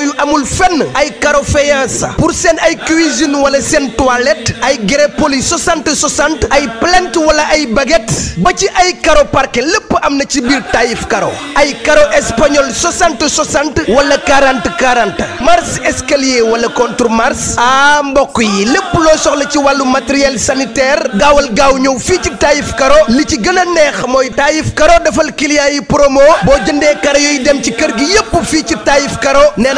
yooyu amul fenn ay carreau faïence pour seen ay cuisine wala seen toilette ay grès poli 60 60 ay plinthe wala ay baguette ba ci ay carreau parquet lépp am na ci biir Taïf carreau ay carreau espagnol 60 60 wala 40 40 marche escalier wala contre marche ah mbokk yi lépp loo soxla ci wàllu matériel sanitaire gaawal gaaw ñëw fii ci Taïf carreau li ci gën a neex mooy Taïf carreau defal client yi promo boo jëndee carreau yooyu dem ci kër gi yépp fii ci Taïf carreau nee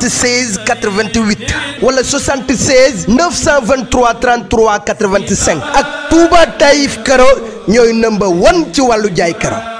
76 88 wala 76 923 33 85 ak Touba Taïf Karo ñooy number one ci wàllu jaay karo